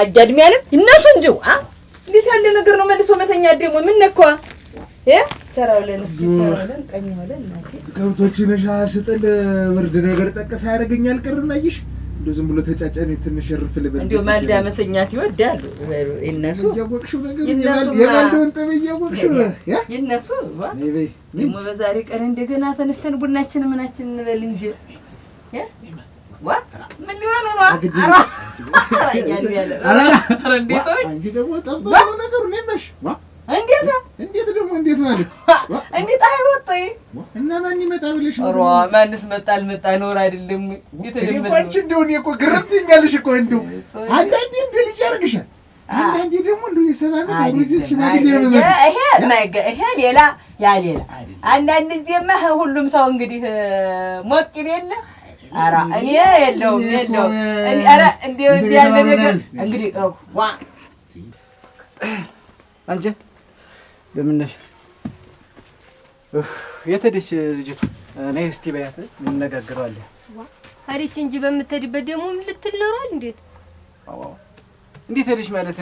አጃድሜ ያለም እነሱ እንጂ አ እንዴት ያለ ነገር ነው? መልሶ መተኛ ደግሞ ምን ቀኝ ወለን ነኳ ከብቶች ነሻ ስጥል ብርድ ነገር ጠቀስ አያደርገኝ አልቀርና ይሽ እንደው ዝም ብሎ ተጫጫን ትንሽ እርፍ ልበል። እንደው ማልዳ መተኛት ይወዳሉ እነሱ። እያወቅሽው ነገር የማልዳውን ጥም እያወቅሽው የእነሱ ደግሞ በዛሬ ቀን እንደገና ተነስተን ቡናችን ምናችን እንበል እንጂ Ah. ምን ሊሆኑ ነው? አንቺ ደግሞ ጠፍቶ ነገሩ ነሽ። እንዴት እንዴት ደግሞ እንዴት ማለት እንዴት? አይ እና ማን ይመጣ ብለሽ ነው? ማንስ መጣ አልመጣ ኖር አይደለም የተደመደ አንቺ እኮ ግርም እኮ እንደው አንዳንዴ እንደ ልጅ ያደርግሻል። አንዳንዴ ደግሞ እንደው የሰባ ዓመት አብሮጅ ሽማግሌ ነው ይሄ ማይገ ይሄ ሌላ ያ ሌላ። አንዳንድ ጊዜማ ሁሉም ሰው እንግዲህ ሞቅ ይል እኔ የለውም የለውም። ኧረ እንደው ያለ ነገር እንግዲህ ዋ አንቺ እንደምን ነሽ? የት ሄደች ልጅቱ? ነይ እስቲ በያት እንነጋገራለን። ሄደች እንጂ በምትሄድበት ደግሞ ልትል ኖሯል። እንዴት እንዴት ሄደች ማለት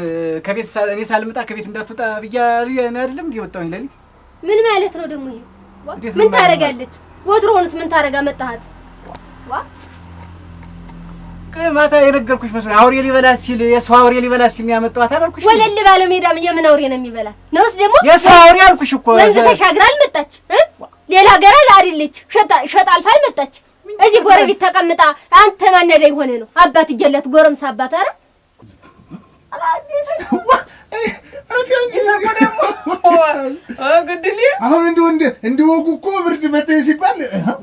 ከቤት እኔ ሳልመጣ ከቤት እንዳትወጣ ብያ አይደለም እንዲህ ወጣሁኝ ለሊት። ምን ማለት ነው ደግሞ ይሄ? ምን ታደርጋለች? ወትሮውንስ ምን ታደርጋ መጣሃት ማታ የነገርኩሽ መስሎኝ አውሬ ሊበላት ሲል የሰው አውሬ ሊበላት ሲል ያመጣኋት አላልኩሽ? ወለል ባለው ሜዳም የምን አውሬ ነው የሚበላት? ነውስ ደግሞ የሰው አውሬ አልኩሽ እኮ። ወንዝ ተሻግራ አልመጣች፣ ሌላ ሀገር አይደለች፣ ሸጣ አልፋ አልመጣች። እዚህ ጎረቤት ተቀምጣ አንተ ማነዳ የሆነ ነው አባት እየላት ጎረምሳ አባት አረ እድል አሁን እንዲ እንደ ወጉ እኮ ብርድ መጠየቅ ሲባል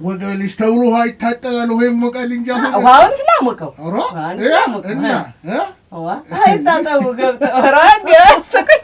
ወገብልሽ ተብሎ ውሃ ይታጠባል ወይም ሞቃል እንጂ አሁን ስላሞቀው እና ይታጠቡ ገብተው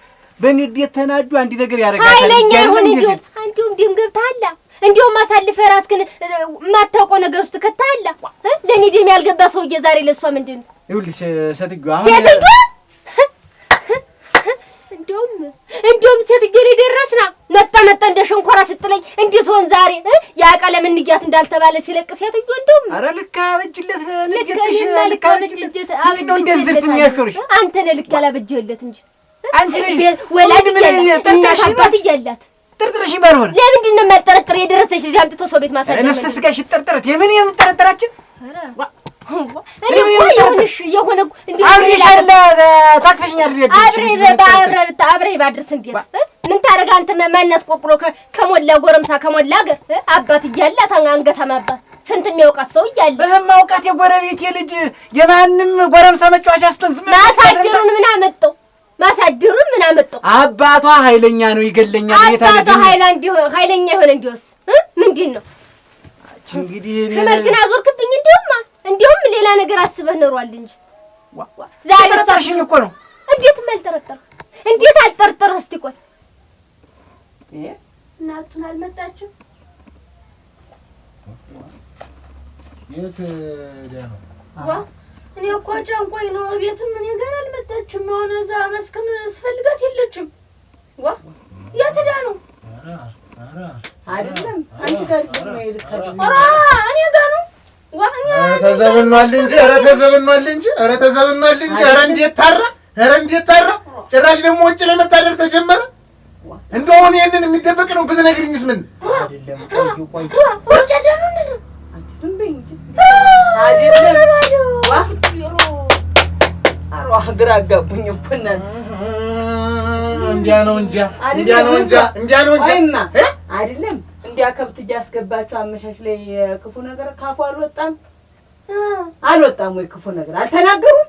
በንዴት ተናዱ አንድ ነገር ያደርጋታል። ኃይለኛ ይሁን እንዲሁም አንዲሁም ዲም ገብታላ እንዲሁም አሳልፈህ ራስክን የማታውቀው ነገር ውስጥ ከተሃላ። ለእኔ ዲም ያልገባ ሰውዬ ዛሬ ለእሷ ምንድን ነው? ይኸውልሽ አሁን ሴትዮዋ እንዲሁም እንዲሁም ሴትዮዋ ላይ ደረስና መጣ መጣ እንደ ሸንኮራ ስትለኝ እንዲህ ሰውን ዛሬ ያ ቀለም እንያት እንዳልተባለ ሲለቅ ሴትዮዋ እንዲሁም ኧረ ልክ አበጅለት ልክ ልክ አበጅለት አበጅለት አንተ ነህ ልክ ያላበጀህለት እንጂ አንቺ ወላጅ አባት እያላት የደረሰሽ እዚህ አምጥቶ ሰው ቤት ማሳደግ ነፍሰ ስጋሽ ይጠርጥረት። የምን የምጠረጥራችን የሆነ እንዴት ምን ታደርግ አንተ? ማናት ቆቅሎ ከሞላ ጎረምሳ ከሞላ አገር አባት እያላት አንገታም አባት ስንት የሚያውቃት ሰው እያለ በህም አውቃት የጎረቤት የልጅ የማንም ጎረምሳ መጫወቻ ስቶን ማሳደሩን ምን አመጣው? ማሳድሩ ምን አመጣው? አባቷ ኃይለኛ ነው ይገለኛል። አባቷ ኃይለኛ የሆነ እንዲወስ ምንድን ነው እንግዲህ እኔ ግን አዞርክብኝ። እንዲሁማ እንዲሁም ሌላ ነገር አስበህ ኖሯል እንጂ ዛሬ ጠረጠርሽኝ እኮ ነው። እንዴት አልጠረጠር እንዴት አልጠርጠር እስቲ ቆይ እናቱን አልመጣችም። የት ነው ዋ እኔ እኮ ጨንቆኝ ነው። ቤትም እኔ ጋር አልመጣችም። አሁን እዛ መስክም ስፈልጋት የለችም። ዋ የት ሄዳ ነው? አይደለም አንቺ ጋር እኔ ጋር ነው። ተዘብኗል እንጂ ኧረ ተዘብኗል እንጂ ኧረ ተዘብኗል እንጂ ኧረ እንዴት ታራ ኧረ እንዴት ታራ። ጭራሽ ደግሞ ውጭ ለመታደር ተጀመረ። እንደሆነ ይህንን የሚደበቅ ነው ብትነግሪኝስ? ምን ግራ አጋቡኝ እኮ እናት። እንዲያ ነው እንጃ እንዲያ ነው እንጃ እንዲያ ነው እንጃ አይደለም። እንዲያ ከብት እያስገባችሁ አመሻሽ ላይ ክፉ ነገር ካፉ አልወጣም አልወጣም ወይ ክፉ ነገር አልተናገሩም።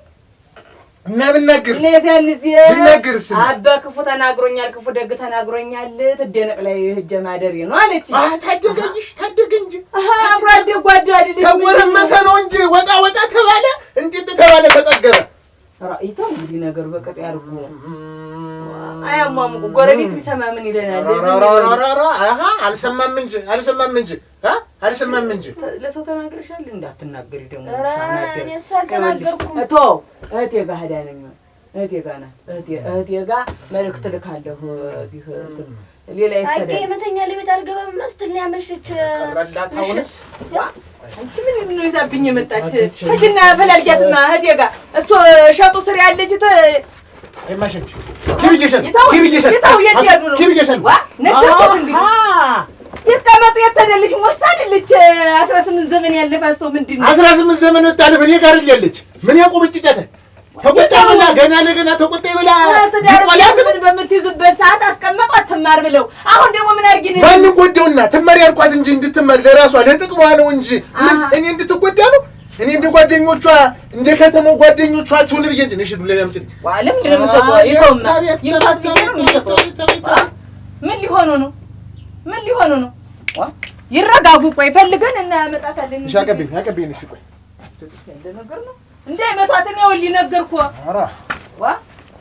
እና ብናገርስ እኔ ብናገርስ አባ ክፉ ተናግሮኛል፣ ክፉ ደግ ተናግሮኛል። ትደነቅ ላይ ሂጅ ማደሬ ነው አለች። ታደገኝሽ ታደገ እንጂ አብሮ አደጓዳ አይደለች ተጎረመሰ ነው እንጂ ወጣ ወጣ ተባለ እንዲህ ተባለ ተጠገረ ራእይታ እንግዲህ ነገር በቀጥ ያርጉ አያሟሙቁ። ጎረቤት ቢሰማ ምን ይለናል? አልሰማም እንጂ አልሰማም እንጂ አልሰማም እንጂ ለሰው ተናግረሻል። እንዳትናገሪ ደግሞ አልተናገርኩም። እቶ እህቴ ጋ ሄዳ ነኝ። እህቴ ጋ ናት። እህቴ ጋ መልእክት ልካለሁ እዚህ ሌላ የመተኛ ለቤት አልገባም። ስትል ያመሸች ምሽት አንቺ ምን ነው ይዛብኝ የመጣች ህትና ፈላልጊያትማ እህቴ ጋር እሱ ሸጡ ስር ያለች ይቀመጡ የተደልሽ ወሳድልች አስራ ስምንት ዘመን ያለፋ ሰው ምንድን ነው አስራ ስምንት ዘመን ወጣለ በኔ ጋር ያለች ምን ያቆብጭጨተ ተቆጣ ብላ ገና ለገና ተቆጣ ብላ ቆላስን በምትይዝበት ሰዓት አስቀመጧት ትማር ብለው። አሁን ደግሞ ምን አድርጊ ነው ማንን ጎዳውና ትማር ያልኳት እንጂ እንድትማር ለራሷ ለጥቅሟ ነው እንጂ እኔ እንድትጎዳ ነው። እኔ እንደ ጓደኞቿ እንደ ከተማው ጓደኞቿ ትሁን ብዬ እንጂ እሺ፣ ዱላ ያምጪልኝ። ለምንድን ነው የምሰጠው? ይተውና ምን ሊሆኑ ነው? ምን ሊሆኑ ነው? ይረጋጉ። ቆይ ፈልገን እናመጣታለን። እሺ፣ አቀብኝ እሺ፣ ቆይ እንደነገር ነው እንደ አይመቷትም ይኸውልህ ነገርኩህ። ኧረ ዋ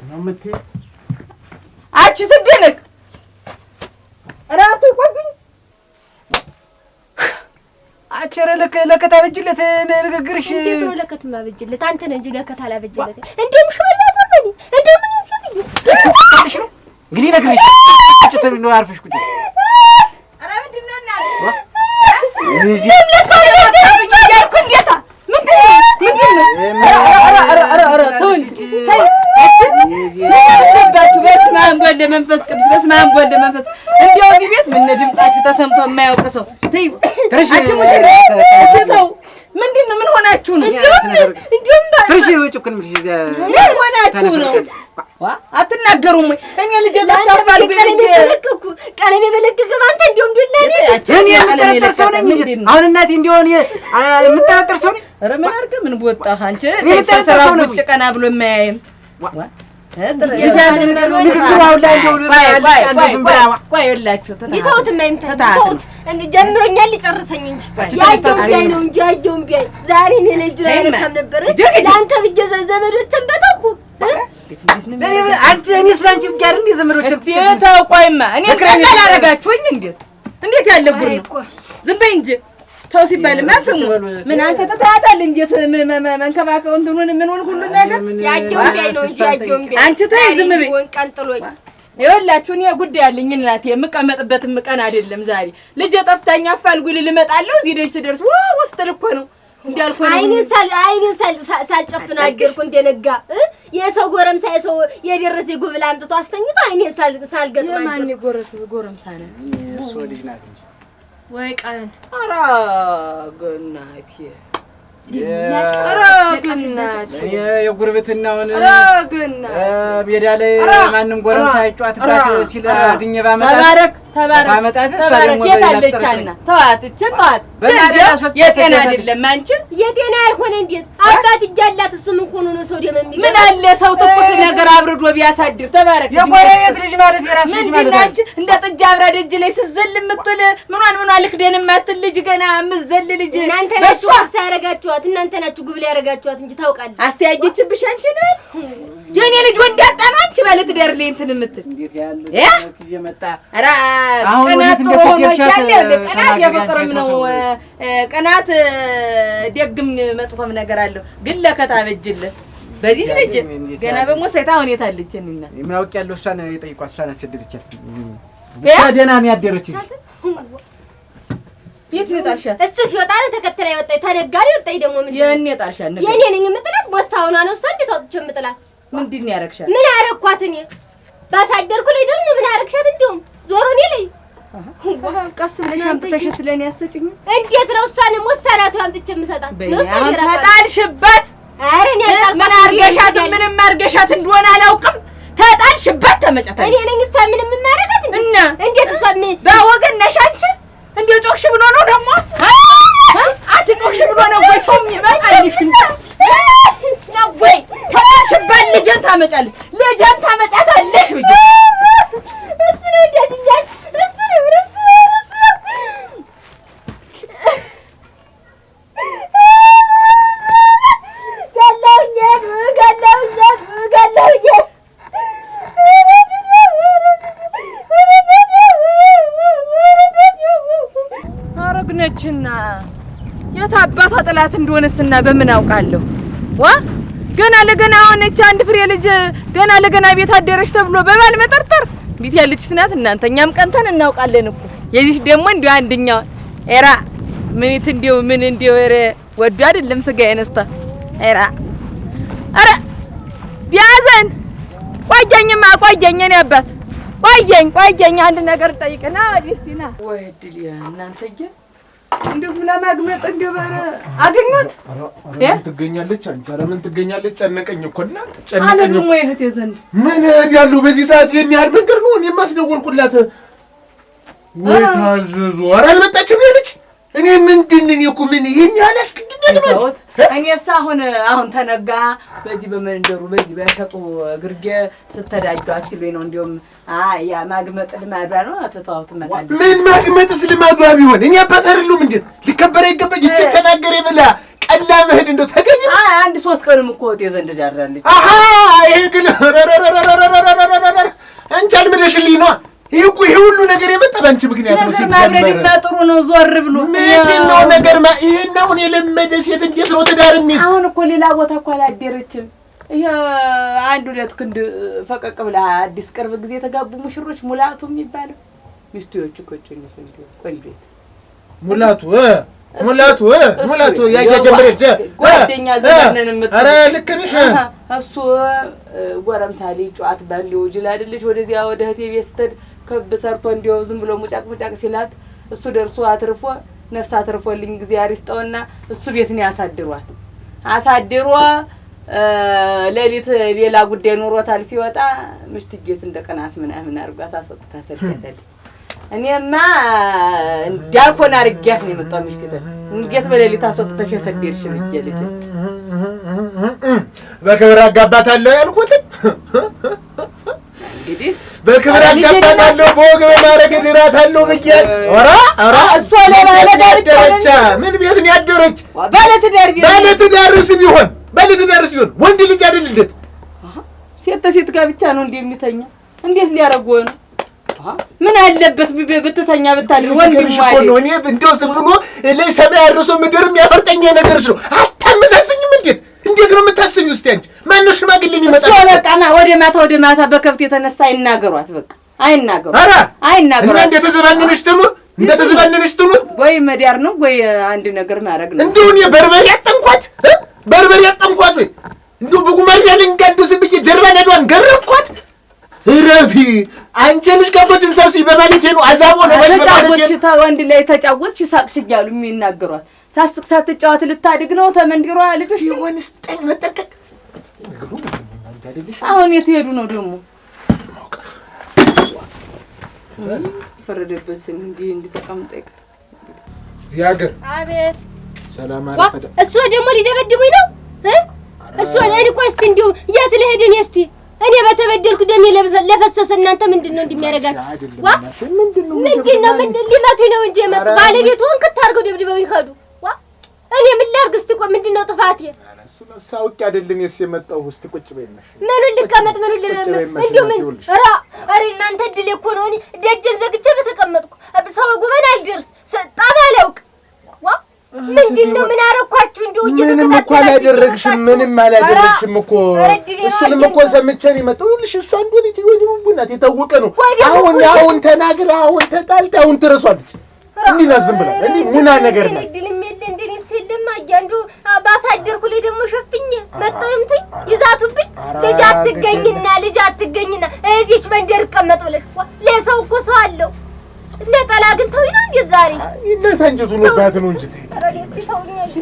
ነው የምትይ አንቺ ትደነቅ። ኧረ አቶ ይቆብኝ አንቺ ለከት አበጅለት ንግግርሽ እንዴት ነው? ለከት ማበጅለት አንተ ነህ እንጂ ለከት አላበጅለት። እንደውም ሹል ያዘበኝ እንደውም እኔ ሴትዬ ነው እንግዲህ ነግሬሽ አንቺ ተብሎ አርፈሽ ቁጭ ኧረ ምንድን ነው እናት እዚህ ለምለታ ያልኩ ገባችሁ? በስመ አብ ወወልድ ወመንፈስ ቅዱስ፣ በስመ አብ ወወልድ ወመንፈስ እንዲያው እዚህ ቤት ምን ድምጻችሁ ተሰምቶ የማያውቅ ሰው ተው። ምንድን ነው? ምን ሆናችሁ ነው? ምን ሆናችሁ ነው? አትናገሩም እኔ ልጄ ታፋል ግን ልቀቅኩ ቀለሜ በለቀቀ አንተ እንደው እኔ የምጠረጠር ሰው ነኝ። አሁን እናቴ እንደው የምጠረጠር ሰው ነኝ ኧረ ምን አድርግ ምን ወጣህ አንቺ ስራ ውጭ ቀና ብሎ የማያይም ጀምሮኛል ሊጨርሰኝ እንጂ ነው እንጂ ዛሬ እኔ ለአንተ ብዬ ዘመዶችን አንቺ እኔ ስለ አንቺ አይደል እንደ ዘመዶችን እንዴት እንዴት ያለ ነው ዝም በይ እንጂ ተው ሲባልማ ስሙ ምን አንተ ተታታል እንዴት መንከባከብ እንትኑን ምኑን ሁሉ ነገር አንቺ ተይ ዝም በይ። ይኸውላችሁ እኔ ጉዳይ አለኝ እናቴ፣ የምቀመጥበትም ቀን አይደለም ዛሬ። ልጄ ጠፍታኝ አፋልጉኝ ልመጣለሁ። እዚህ ደጅ ስደርስ ውስጥ ልኮ ነው እንዳልኩህ አይኔን ሳልጨፍን አደርኩ እንደነጋ የሰው ጎረምሳ የሰው የደረሰ ጉብል አምጥቶ አስተኝቶ አይኔን ሳልገጥማት። ማን ጎረምሳ ነው? እሱ ልጅ ናት ወይ ቀን ኧረ ገናቴ የጉርብትናውን ሜዳ ላይ ማንም ጎረምሳ ጫዋትባት ሲል አድኜ ባመጣት ባመጣት የጤና አይደለም። አንቺ የጤና ያልሆነ እንዴት አባት እጅ አላት? እሱ ምን ሆኖ ነው ሰው ደም ምን አለ ሰው ትኩስ ነገር አብርዶ ቢያሳድር። ተባረክ የጎረቤት ልጅ ማለት የራስ ልጅ ማለት አንቺ እንደ ጥጃ አብራ ደጅ ላይ ስትዘል የምትውል ምኗን ምኗን ልክደን የማትል ልጅ ገና የምትዘል ልጅ እናንተ ናችሁ ሳያረጋችኋት ያደረጋችኋት እናንተ ናችሁ። ጉብል ያደረጋችኋት እንጂ ታውቃለህ። አስተያየችብሽ አንቺ ነው የኔ ልጅ ወንድ ያጣ ነው። አንቺ ባለ ትዳር ላይ እንትን የምትል ቀናት የፍቅርም ነው። ቀናት ደግም መጥፎም ነገር አለው። ግን ለከታ አበጅልን በዚህ ልጅ ገና ደግሞ ሴታ ሁኔታ አለችን እና ምን አውቄያለሁ። እሷን የጠይቋት እሷን አስደድቻት ደህና ነው ያደረችሽ ቤት ቤት ይወጣልሻል። እሱ ሲወጣ ነው ተከትላ የወጣኝ ተነጋሪ የወጣኝ ደግሞ ምንድን ነው የእኔ ነው ነገር የእኔ ነኝ የምጥላት ቦሳ ነው እሷ እንዴት አውጥቼ የምጥላት ምንድን ነው ያደረግሻል ምን አደረግኳት እኔ ባሳደርኩ ላይ ደግሞ ምን አደረግሻል እንዲሁም ዞሮ እኔ ላይ ቀስ ብለሽ አምጥተሽ ስለ እኔ አትሰጭኝም እንዴት ነው እሷንም ወሰናቱ አምጥቼ የምሰጣት ነው ተጣልሽበት ኧረ እኔ ምን አርገሻት? ምንም አድርገሻት እንደሆነ አላውቅም ተጣልሽበት ተመጫታል እኔ ነኝ እሷ ምንም የማደርጋት እና እንዴት እሷ ምን በወገን ነሽ አንቺ እንዴ ጮክሽ ብሎ ነው ደግሞ አንቺ ጮክሽ ብሎ ነው ወይ ሰው የሚበቃልሽ ነው ወይ ታሽባል ልጄን ታመጫለሽ ልጄን ታመጫታለሽ ብዬሽ ጥላት እንደሆነስና በምን አውቃለሁ? ዋ ገና ለገና የሆነች አንድ ፍሬ ልጅ ገና ለገና ቤት አደረች ተብሎ በባል መጠርጠር እንዴት ያለች ናት እናንተ። እኛም ቀንተን እናውቃለን እኮ የዚህ ደግሞ እንዲያው አንደኛው ኤራ ምንት እንዲያው ምን እንዲያው ኧረ ወዱ አይደለም ስጋ የነስተ ኤራ ኧረ ቢያዘን ቆየኝማ ቆየኝ እኔ አባት ቆየኝ ቆየኝ አንድ ነገር ጠይቅና ወይ ወድል እናንተዬ እንዴት ብላ ማግመጥ እንደው በር አገኘሁት። ትገኛለች አንቺ? ኧረ ምን ትገኛለች? ጨነቀኝ እኮ ጨነቀኝ እኮ ምን በዚህ ሰዓት መንገድ ነው እኔ የማስደወልኩላት ወይ ታዘዙ። ኧረ አልመጣችም ያለች እኔ ምንድን እኔ እኮ ምን ይሄን ያህል ነው። እኔስ አሁን አሁን ተነጋ በዚህ በመንደሩ በዚህ በሸጡ ግርጌ ስተዳጇ ሲሉኝ ነው። እንዲያውም ያ ማግመጥ ልማዷ ነው። ተተዋውት መጣልኝ። ምን ማግመጥስ ልማዷ ቢሆን እኔ አባት እንዴት ሊከበር አይገባኝ? ይቺ ተናገር ብላ ቀላ መሄድ እንደ ተገኘ። አንድ ሶስት ቀንም እኮ ወጤ ዘንድ ዳራለች። አሃ ይሄ ግን አንቺ ነዋ ይህ እኮ ይህ ሁሉ ነገር የመጣ በአንቺ ምክንያት ነው። ማብረድማ ጥሩ ነው። ዞር ብሎ ምንድን ነው ነገር ማ ይህን አሁን የለመደ ሴት እንዴት ነው ትዳር የሚይዝ? አሁን እኮ ሌላ ቦታ እኮ አላደረችም። ይህ አንድ ሁለት ክንድ ፈቀቅ ብላ አዲስ ቅርብ ጊዜ የተጋቡ ሙሽሮች ሙላቱ የሚባለው ሚስቱ የውጭ ቆንጆ ቆንጆ ሙላቱ ሙላቱ ሙላቱ ያያ ጀምሬት ጓደኛ ዘመንን ኧረ ልክ ነሽ። እሱ ጎረምሳሌ ጨዋት ባለው ጅል አይደለሽ። ወደዚያ ወደ እህቴ ቤት ስትሄድ ከብ ሰርቶ እንዲያው ዝም ብሎ ሙጫቅ ሙጫቅ ሲላት እሱ ደርሶ አትርፎ ነፍስ አትርፎልኝ እግዚአብሔር ይስጠውና እሱ ቤት ነው ያሳድሯት። አሳድሮ ሌሊት ሌላ ጉዳይ ኑሮታል። ሲወጣ ምሽትጌት እንደ ቀናት ምናምን አድርጓት አስወጥታ ሰደደልኝ። እኔማ እንዲያልኮን አርጊያት ነው የመጣው። ምሽት እንጌት በሌሊት አስወጥተሽ የሰደድሽ ልጄ? ልጄ በክብር አጋባታለሁ ያልኩትን እንግዲህ በክብር አጋባታለሁ በወግ በማድረግ እድራታለሁ ብዬ ኧረ ኧረ እሷ ሌላደረቻ ምን ቤት ነው ያደረች? ባለትዳርስ ቢሆን ባለትዳርስ ቢሆን ወንድ ልጅ አይደል? እንዴት ሴት ተሴት ጋር ብቻ ነው እንደ የሚተኛ እንዴት ሊያደርጉ ነው? ምን አለበት ብትተኛ ብታድር ወንድ ነው። እኔ እንደው ዝም ብሎ ለሰማይ አድርሶ ምድርም ያፈርጠኛ ነገሮች ነው። አታመሳስኝም እንዴት እንዴት ነው የምታስቢው? እስቲ አንቺ ማነው ሽማግሌ የሚመጣ? በቃና ወደ ማታ ወደ ማታ በከብት የተነሳ አይናገሯት። በቃ አይናገሯት፣ ኧረ አይናገሯት። እና እንደተዘባነነች ትሉ እንደተዘባነነች ትሉ ወይ መዳር ነው ወይ አንድ ነገር ማድረግ ነው። እንደው እኔ በርበሬ አጠምኳት፣ በርበሬ አጠምኳት፣ እንደው በጉማሬ ልንጋ እንደው ዝም ብዬ ጀርባ ነዷን ገረፍኳት። ረፊ አንቺ ልጅ ጋቦትን ሰብስቢ በማለት ነው አዛቦ ነው ወንድ ላይ ተጫወትሽ፣ ሳቅሽ እያሉ የሚናገሯት ሳስቅ ሳትጫወት ልታድግ ነው። ተመንድሯ ልጆች ሆንስ ጠኝ መጠቀቅ አሁን የት ሄዱ ነው ደግሞ ፈረደበት ስም እንዲህ እዚህ ሀገር አቤት ሰላም አረፈደ። እሱ ደግሞ ሊደበድቡኝ ነው እሱ እኔ ቆይ እስኪ እንዲሁ የት ልሄድ እኔ እኔ በተበደልኩ ደሜ ለፈሰሰ እናንተ ምንድን ነው እንደሚያደርጋችሁ? ዋ ምንድን ነው ምንድን ሊመቱኝ ነው እንጂ የመጡ ባለቤቱ እንክት አድርገው ደብድበው ይኸዱ እኔ ምን ላድርግ? እስቲ ቆይ፣ ምንድን ነው ጥፋቴ? ሳውቅ አይደለም የስ የመጣው እስቲ ቁጭ በይልሽ። ምኑን ልቀመጥ? ምኑን እንዲሁ ምን ራ ሪ እናንተ እድሌ እኮ ነው። እኔ ደጀን ዘግቼ በተቀመጥኩ ሰው ጉበን አልደርስ ጣም አላውቅ። ምንድን ነው ምን አረኳችሁ? እንዲሁ ምንም እኮ አላደረግሽም፣ ምንም አላደረግሽም እኮ እሱንም እኮ ሰምቼ ነው የመጣው። ይኸውልሽ እሷ እንደሆነ ናት የታወቀ ነው። አሁን አሁን ተናግር፣ አሁን ተጣልታ፣ አሁን ትረሷለች። እንዲህ ናት ዝም ብላ እንዲህ ሙና ነገር ናት። እማዬ አንዱ ባሳደርኩ ላይ ደግሞ ሸፍኝ መጣሁምትኝ ይዛቱብኝ ልጅ አትገኝና ልጅ አትገኝና እዚች መንደር እቀመጥ ብለሽ ለሰው እኮ ሰው አለው። ነጠላ ግን ተው ነው እንዴ? ዛሬ እናት አንጀቱ ሆኖባት ነው እንጂ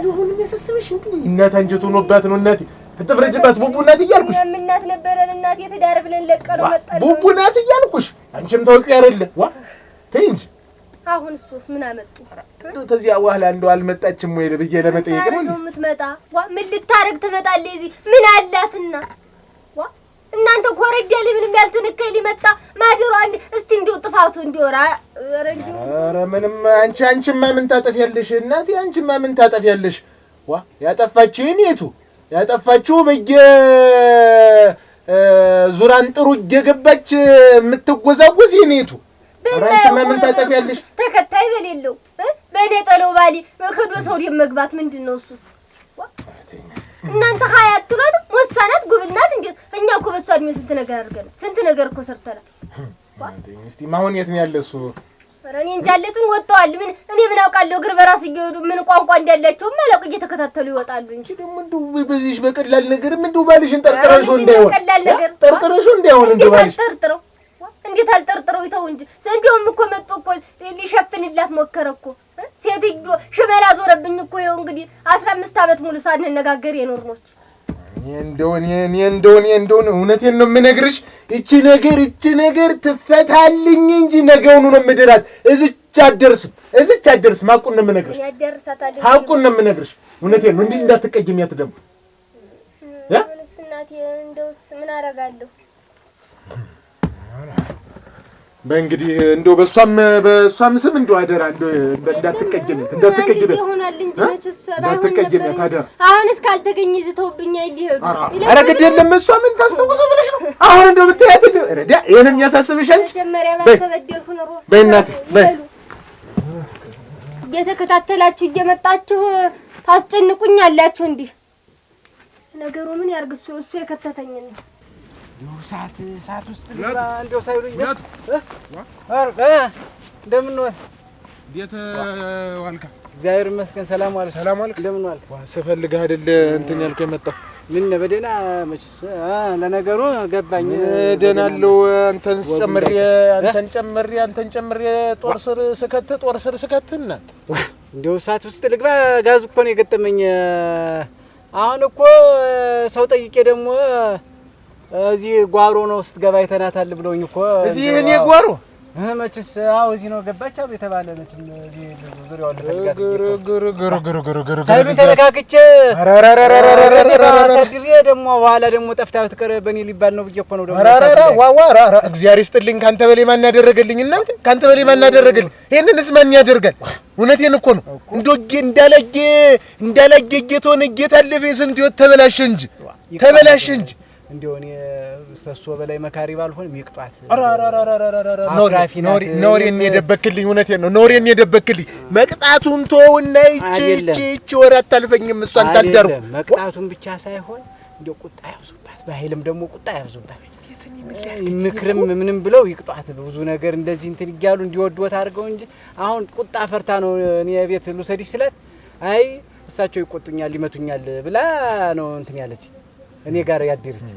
ይሁን የሚያሳስብሽ እንዴ? እናት አንጀቱ ሆኖባት ነው። እናቴ ተፈረጅባት ቡቡ እናት እያልኩሽ እናት ነበረን እናቴ ትዳር ብለን ለቀሩ መጣ ቡቡ እናት እያልኩሽ አንቺም ታውቂ አይደለ ዋ ተይ እንጂ አሁን እሱስ ምን አመጡ? እንደው ተዚያ በኋላ እንደው አልመጣችም ወይ ብዬ ለመጠየቅ ነው። እንደው የምትመጣ ዋ ምን ልታረግ ትመጣለች? እዚህ ምን አላትና ዋ እናንተ ኮረድ ያለ ምንም ያልተነካይ ሊመጣ ማደሮ አንድ እስቲ እንደው ጥፋቱ እንዲወራ ራ ኧረ ምንም አንቺ አንቺማ ምን ታጠፊያለሽ? እናቴ አንቺማ ምን ታጠፊያለሽ? ዋ ያጠፋችሁን የቱ ያጠፋችሁ በየ ዙራን ጥሩ እየገባች የምትጎዛጎዝ የኔቱ ተከታይ በሌለው በእኔ ጠለው ባሌ ክዶ ሰው ደም መግባት ምንድን ነው? እሱስ እናንተ ሀያ አትሏትም? ወሳናት፣ ጉብናት። እንዴት እኛ እኮ በሷ እድሜ ስንት ነገር አድርገናል፣ ስንት ነገር እኮ ሰርተናል። አሁን የት ነው ያለ እሱ? ኧረ እኔ እንጃ አለቱን ወጥተዋል። ምን እኔ ምን አውቃለሁ? እግር በራስ እየሄዱ ምን ቋንቋ እንዳላቸውም አላውቅ፣ እየተከታተሉ ይወጣሉ እንጂ ደግሞ እንደው በዚህሽ በቀላል ነገር እንደው ባልሽን ጠርጥረሽው እንዳይሆን፣ ጠርጥረሽው እንዳይሆን እንደው ባልሽ ጠርጥረው እንዴት አልጠርጥረው ይተው እንጂ። እንዲያውም እኮ መጥቶ እኮ ሊሸፍንላት ሞከረ እኮ ሴትዮ ሽበላ ዞረብኝ እኮ ይኸው እንግዲህ አስራ አምስት ዓመት ሙሉ ሳንነጋገር የኖርኖች እንደውን እንደውን እንደውን እውነቴን ነው የምነግርሽ። እቺ ነገር እቺ ነገር ትፈታልኝ እንጂ ነገውኑ ነው የምድራት። እዚች አትደርስም፣ እዚች አትደርስም። ሀቁን ነው የምነግርሽ፣ ሀቁን ነው የምነግርሽ። እውነቴን ነው። እንዲህ እንዳትቀየሚያት ደግሞ ያ እናቴ። እንደውስ ምን አረጋለሁ በእንግዲህ እንደው በእሷም በእሷም ስም እንደው አደራ እንዳትቀየሚያት እንዳትቀየሚያት እንዳትቀየሚያት አደራ። አሁን እስካልተገኘ ዝተውብኛ ይሄዱ። ኧረ ግድ የለም እሷ ምን ታስታውሱ ብለሽ ነው አሁን እንደው ብታያት እንደው ረዳ ይሄንን የሚያሳስብሽ አንቺ በይ እየተከታተላችሁ እየመጣችሁ ታስጨንቁኝ እንዲህ ነገሩ ምን ያርግ እሱ እሱ የከተተኝ ነው ሳት ሳት ውስጥ እንደው ሳይሉኝ እንደምን ዋልክ? እንዴት ዋልካ? እግዚአብሔር ይመስገን ሰላም ዋልክ። ሰላም ዋልክ። እንደምን ዋልክ? ስፈልግህ አይደለ እንትን ያልኩህ የመጣሁ ምን በደህና መችስ። ለነገሩ ገባኝ። ደህና አለው። አንተን ጨምሬ አንተን ጨምሬ አንተን ጨምሬ ጦር ስር ስከት ጦር ስር ስከት እናንተ እንደው ሳት ውስጥ ልግባ። ጋዝ እኮ ነው የገጠመኝ። አሁን እኮ ሰው ጠይቄ ደግሞ እዚህ ጓሮ ነው ስትገባ ይተናታል ብለውኝ እኮ እዚህ እኔ ጓሮ መችስ አዎ፣ እዚህ ነው ገባች የተባለ መችም እዚህ ዙሪያውን ልፈልጋት ደግሞ በኋላ ደግሞ ጠፍታ ትቀር በእኔ ሊባል ነው ብዬሽ እኮ ነው። ደግሞ ዋዋ እግዚአብሔር ይስጥልኝ። ከአንተ በላይ ማን ያደረገልኝ? እናንተ ከአንተ በላይ ማን ያደረገልኝ? ይህንንስ ማን ያደርጋል? እውነቴን እኮ ነው። እንዶጌ እንዳላጌ እንዳላጌ ጌቶን ጌታለፈ ስንት ይወት ተበላሸ እንጂ ተበላሸ እንጂ እንዲያው ሰሶ በላይ መካሪ ባልሆንም ይቅጧት። ኖሬን የደበክልኝ እውነቴን ነው። ኖሬን የደበክልኝ መቅጣቱን ይቺ አታልፈኝም። እሷ መቅጣቱን ብቻ ሳይሆን ቁጣ ያብዙባት፣ በኃይልም ደግሞ ቁጣ ያብዙባት። ምክርም ምንም ብለው ይቅጧት። ብዙ ነገር እንደዚህ እንትን እያሉ እንዲወዱት አድርገው እንጂ አሁን ቁጣ ፈርታ ነው እኔ ቤት ስላት አይ እሳቸው ይቆጡኛል፣ ይመቱኛል ብላ ነው እንትን ያለች እኔ ጋር ያደረች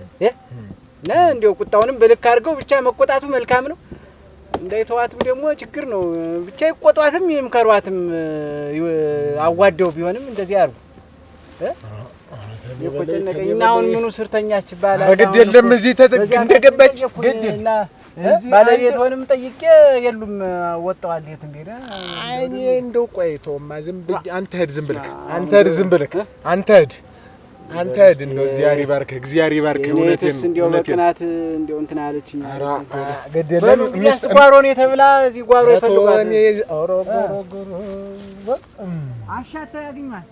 እና እንዲያው ቁጣውንም በልክ አድርገው ብቻ መቆጣቱ መልካም ነው። እንዳይተዋትም ደግሞ ችግር ነው። ብቻ ይቆጧትም ይምከሯትም፣ አዋደው ቢሆንም እንደዚህ አርጉ። የቆጨነቀኝ እና አሁን ምኑ ስርተኛች ባላ ግድ የለም እዚህ እንደገባች ግድ ባለቤት ሆንም ጠይቄ የሉም ወጣዋል። የት እንደሄደ እኔ እንደው ቆይተውማ ዝም ብዬ አንተ ሂድ ዝም ብለህ አንተ ሂድ ዝም ብለህ አንተ ሂድ አንተ ድን ነው። እግዚአብሔር ይባርክ፣ እግዚአብሔር ይባርክ። እውነቴን እንደው መቅናት እንደው እንትን አለችኝ። ኧረ ገደለም ሚስት ጓሮ ነው ተብላ እዚህ ጓሮ ይፈልጓል። አሻታ ያገኛል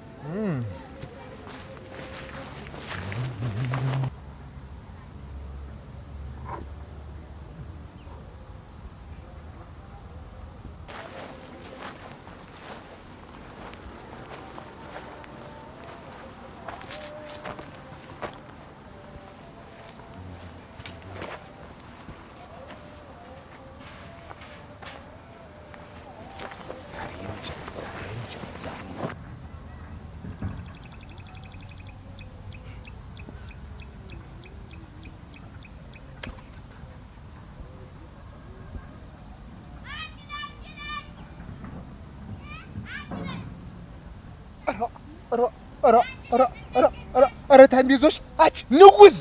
ኧረ ታምቢ ይዞሽ አንቺ ንውዝ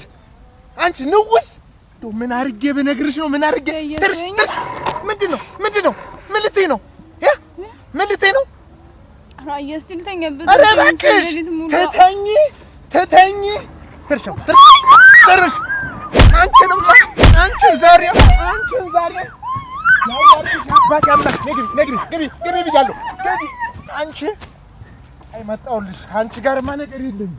አንቺ ንውዝ እንደው ምን አድርጌ ብነግርሽ ነው? ምን አድርጌ ትርሽ ትርሽ ምንድን ነው ምንድን ነው? ምን ልትይ ነው? ምን ልትይ ነው? ኧረ እባክሽ ትተኝ ትተኝ ትርሽ ትርሽ ትርሽ አንቺንማ አንቺን ዛሬ አንቺን ዛሬ ያባቅ ያባ ነግሪ ነግሪ ግቢ ግቢ ብያለሁ። ገቢ አንቺ አይ መጣሁልሽ። ከአንቺ ጋርማ ነገር የለኝም